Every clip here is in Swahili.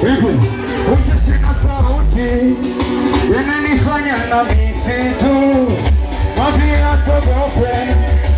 Hivi uchi sina sauti, inanifanya na misitu ma yasogope,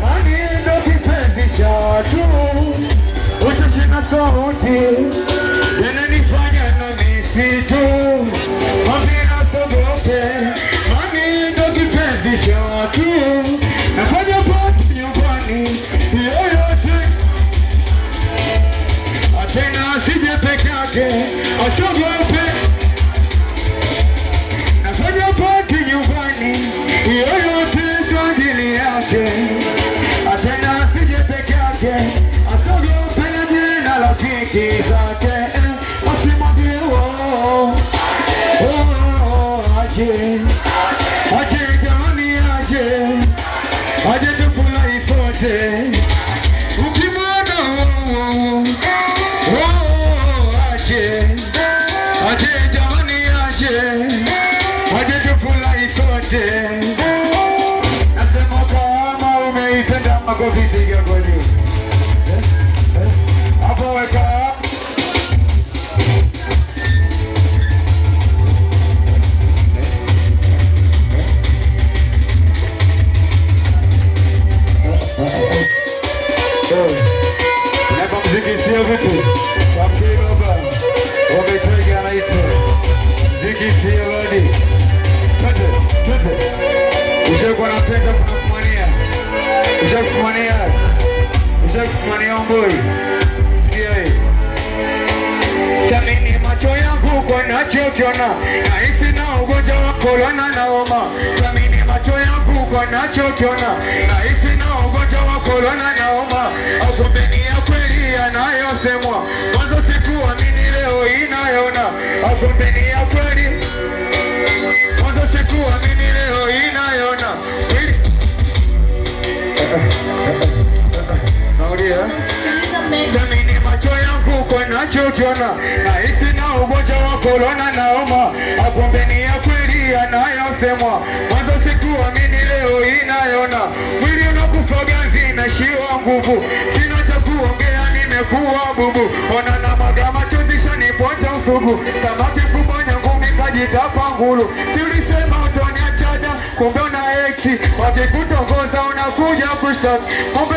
nani ndo kipenzi chatu, uchi sina sauti Yeah. diga, gordinho. A é? é? tá bola é cara. É como se quisesse ouvir que eu vou. Vou me entregar aí tudo. Diga que eu O jogo na pega Nishakuonea, nishakuonea mboi. Samini macho yangu kwa nachokiona, nahisi na ugonjwa wa korona na homa. Samini macho yangu kwa nachokiona, nahisi na ugonjwa wa korona na homa. Akumbeni ya kweli yanayosemwa, mwanzo sikuamini leo inayoona. Akumbeni ya kweli kusikia jamini, macho yangu kwa nachokiona nahisi na ugonjwa wa korona naoma, akumbeni ya kweli yanayosemwa, mwanzo sikuamini, leo inayona mwili unakufa ganzi nashiwa nguvu, sina cha kuongea, nimekuwa bubu, ona na maga machozi shaniponja usugu, samaki kubwa nyangu nikajitapa ngulu, si ulisema utoniachada, kumbe una ekti, wakikutongoza unakuja kushot kumbe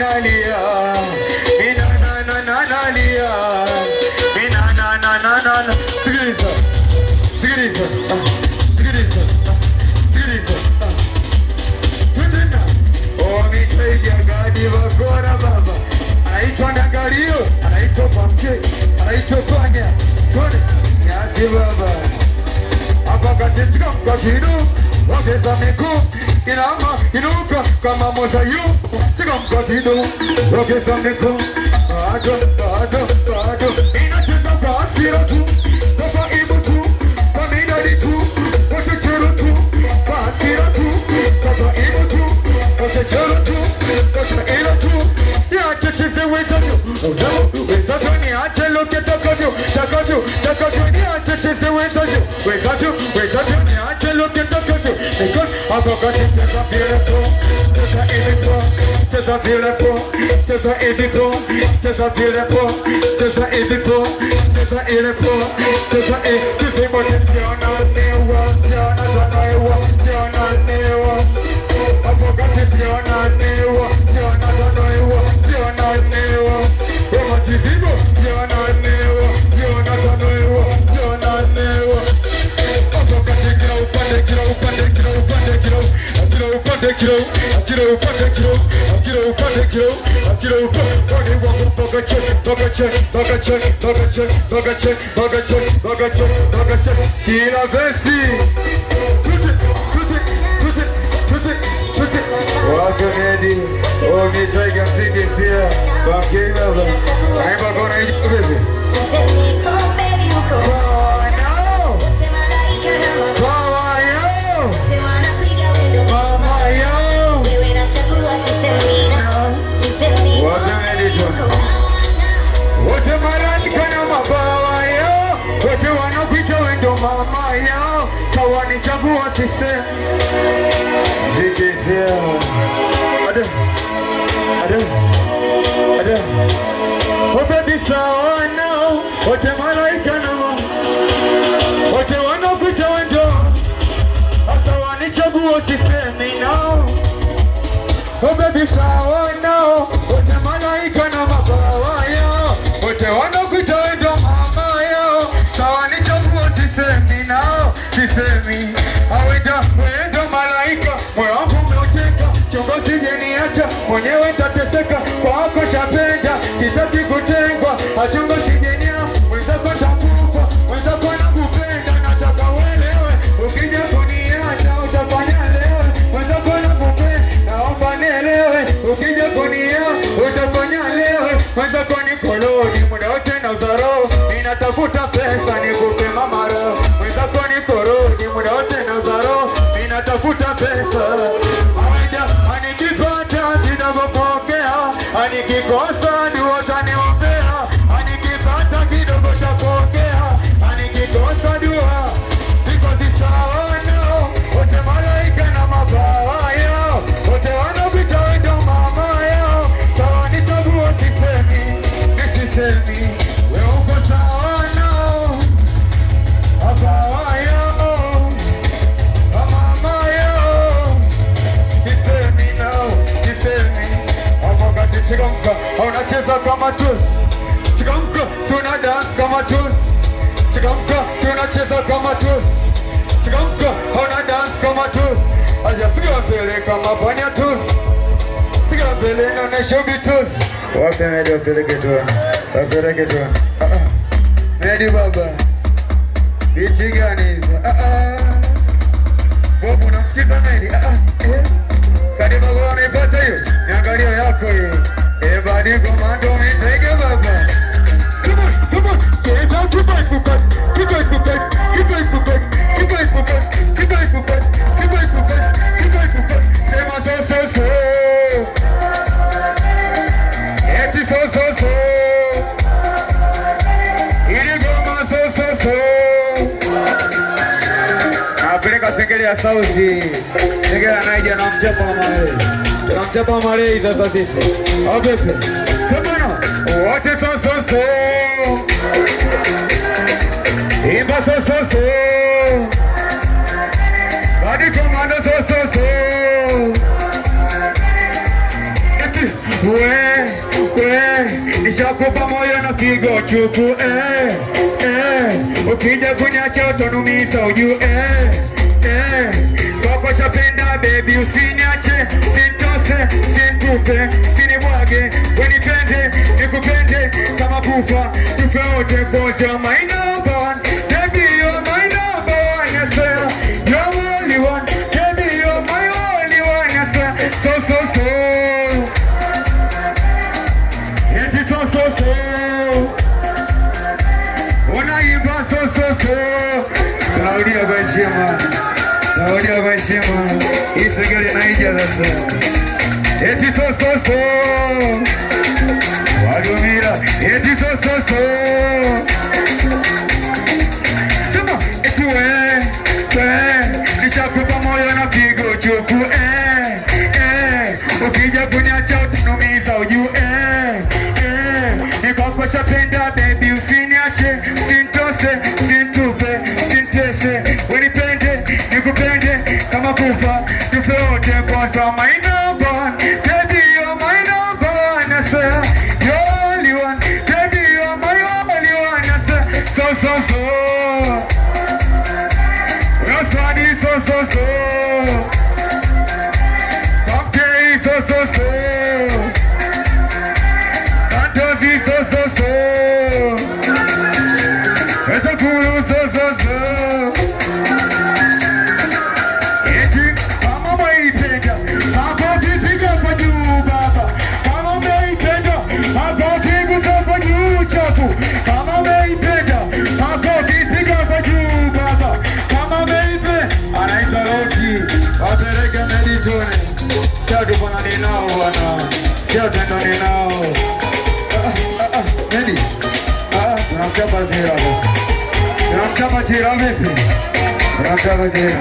nalia mina na na na nalia mina na na na na na sikiliza sikiliza sikiliza sikiliza tena wametaija oh, gadi wakora baba anaitwa Ndangalio anaitwa Pamke anaitwa Panya kone yati baba hapa katika mkashiru What is coming cook? In a ma, in a ka, come a n what's a you? Sing on, what you do? What a s coming cook? Bago, bago, bago. In a chest of God, f e a l a two. That's what b v i l two. Come in a di two. What's a churro two? God, feel a two. That's what evil two. What's a c h u r r b two? the weight you. Oh no, we got you in the answer, look got you, We got you, we got you in the answer, she's the you. We got you, we got you in the answer, look got you. Because got you, she's a beautiful, she's a beautiful, she's a beautiful, she's a beautiful, she's a over, fucking kill. i i get She Welcome, Andy. Oh, me drink and pick it here. But i I'm not gonna eat it. Go, go. mamayo kawa nichagua kise zikifia ada ada ada wote disaona wote malaika nao wote wanaopita wendo hasa wanichagua kise minao wote disaona mwenyewe ntateseka, kwako shapenda kisati kutengwa achunga Shumbi tu. Wape Medi wapeleke tu. Wapeleke tu. Ah, ah. Medi baba. Biti gani hizo? Ah ah. Bobo unamsikiza Medi? Ah ah. Eh. Kadi baba unaipata hiyo? Niangalia yako hii. Eh, badi komando sauti. Ngera anaija na mchapa wa Marei. Tunamchapa wa Marei sasa sisi. Obese. Sema wote sasa so. Imba sasa so. Badi komando sasa so. We, we, nishakupa moyo na kigo chuku eh, eh, ukija kunyacha utanumisa ujue eh chako chapenda baby, usiniache, usinitose, usinitupe, usinibwage, wenipende, nikupende kama kufa, tufe wote, cause you're Eti sososo waliumira, eti sososo sema, eti we we, nishakupa moyo na pigo chuku eh eh, ukija kuniacha utaniumiza ujue eh eh, nikakwasha penda baby, usiniache usintose usinitupe usintese, wenipende nikupende kama kufa tufe wote Chatu bwana ninao bwana. Chatu ndo ninao. Nini? tunamchapa jira. Tunamchapa jira vipi? Tunamchapa jira.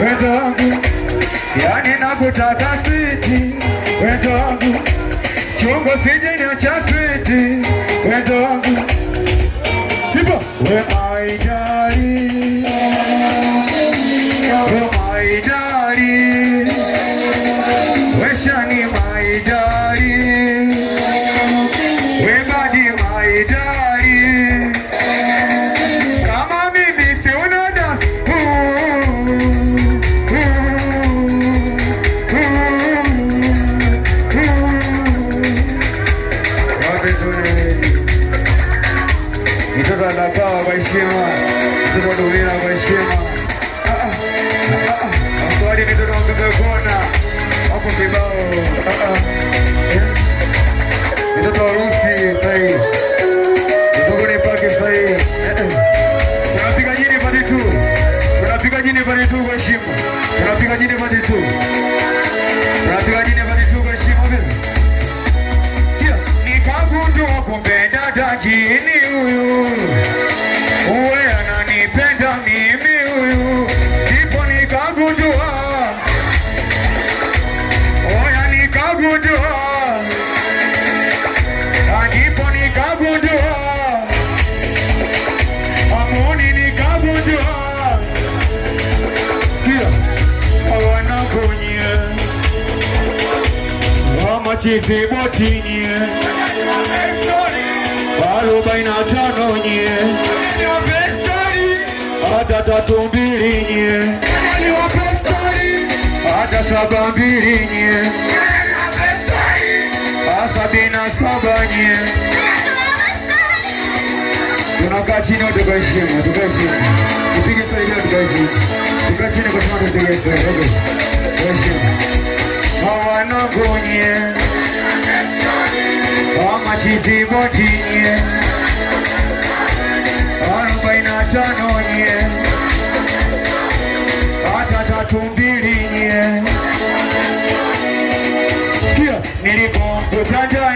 wendo yani nakutaka switi, wendo wangu, chungu sije niacha switi, wendo wangu, we aija Macie Cymotinie Parubaj na Czanonie A tata tą Wilinie A tata wam Wilinie A sobie na Sabanie Tunakacino do Gajsima, do Gajsima Kupili to ile do Gajsima Do Gajsima, do Gajsima, do Gajsima Gajsima Mawana Gonie Gajsima Wama kizimbo kinye arobaini na tano nye hata tatu mbili nye nilipomkutana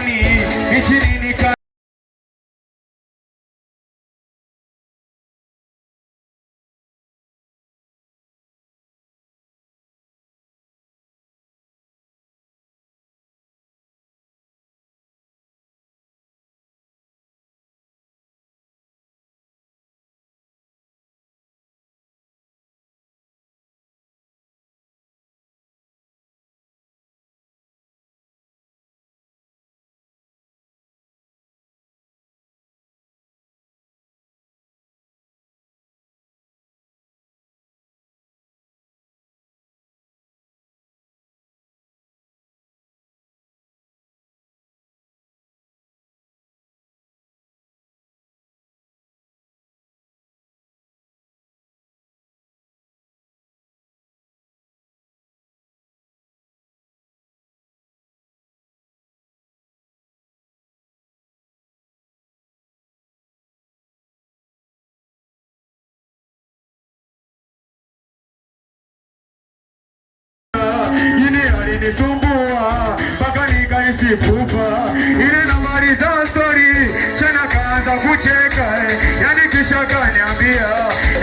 ilinisumbua mpaka nikaisi pupa. Ile nambari za stori chana kaanza kucheka, eh. yani kisha kaniambia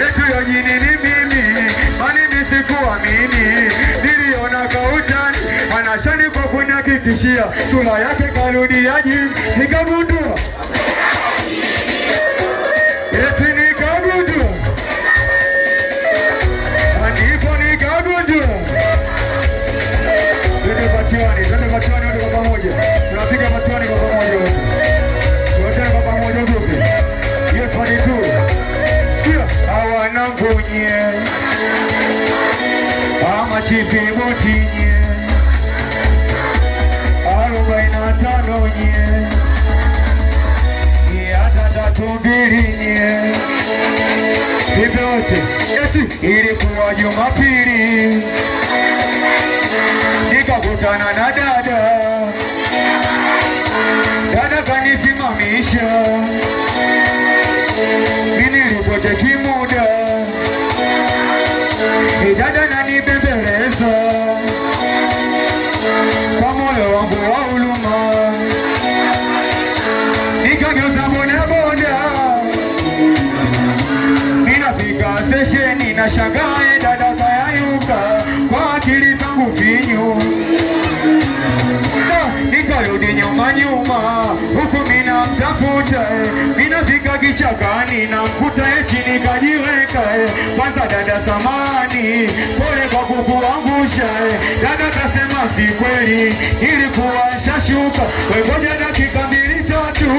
etu eh, yonyini ni mimi, mani nisikuamini niliona kautani anashani kwa kunyakikishia tula yake karudia jini nikamundua kipimo chenye arobaini na tano nye mia tatu mbili nye vyote. Ilikuwa Jumapili nikakutana na dada, dada kanisimamisha mimi nilipocheki muda dada na shangae dada kayayuka kwa akili zangu vinyu na nikarudi nyuma nyuma huku mina mtafuta minafika kichakani na mkuta ye chini kajiweka kwanza dada samani pole kwa kukuangusha dada kasema si kweli ilikuwa shashuka wegoja dakika mbili tatu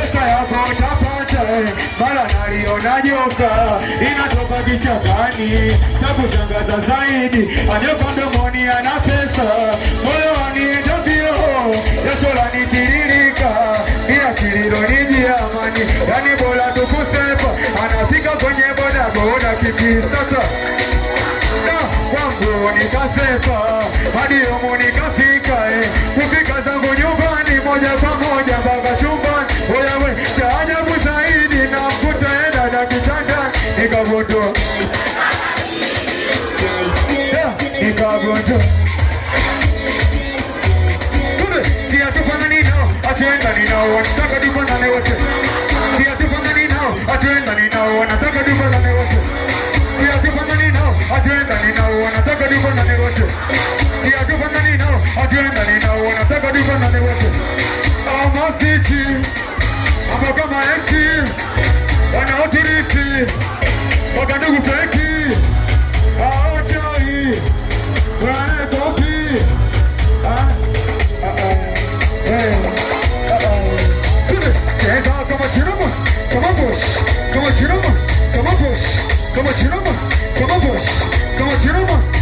pesa yako mara naliona nyoka inatoka kichakani, cha kushangaza zaidi anyoka mdomoni ana pesa, moyo wanienda mbio, jasho lanitiririka, mia akili ilonijia amani, yani bora tukusepa, anafika kwenye bodaboda kikisasa na kwangu nikasepa hadi umu nikafika, eh, kufika zangu nyumbani moja kwa moja mpaka chumbani, we chanya kagonjo Tule, tia tufanani nao, hatuendani nao, wanataka tufanane wote Tia tufanani nao, hatuendani nao, wanataka tufanane wote Tia tufanani nao, hatuendani nao, wanataka tufanane wote Tia tufanani nao, hatuendani nao, wanataka tufanane wote Almost teaching, mambo kama empty, wanaoturisi, wakandugu feki Come on, Chiroma. Come on, push. Come on, Chiroma. Come on, push. Come on, Chiroma.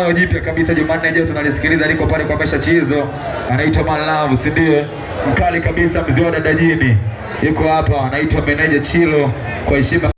moyo jipya kabisa Jumanne jeu tunalisikiliza liko pale kwa Mesha Chizo, anaitwa Man Love, si ndio? Mkali kabisa mzee wa dadajini yuko hapa, anaitwa meneja Chilo kwa heshima